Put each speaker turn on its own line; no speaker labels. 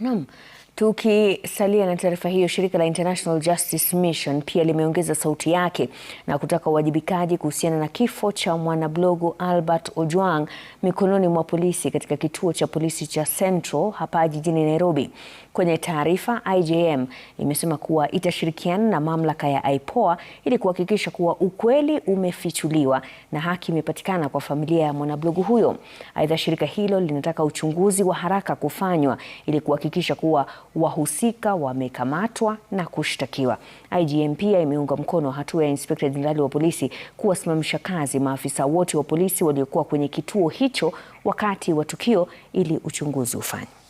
não, Tukisalia na taarifa hiyo, shirika la International Justice Mission pia limeongeza sauti yake na kutaka uwajibikaji kuhusiana na kifo cha mwanablogu Albert Ojwang mikononi mwa polisi katika kituo cha polisi cha Central hapa jijini Nairobi. Kwenye taarifa, IJM imesema kuwa itashirikiana na mamlaka ya IPOA ili kuhakikisha kuwa ukweli umefichuliwa na haki imepatikana kwa familia ya mwanablogu huyo. Aidha, shirika hilo linataka uchunguzi wa haraka kufanywa ili kuhakikisha kuwa wahusika wamekamatwa na kushtakiwa. IGM pia imeunga mkono hatua ya Inspekta Jenerali wa Polisi kuwasimamisha kazi maafisa wote wa polisi waliokuwa kwenye kituo hicho wakati wa tukio ili uchunguzi ufanywe.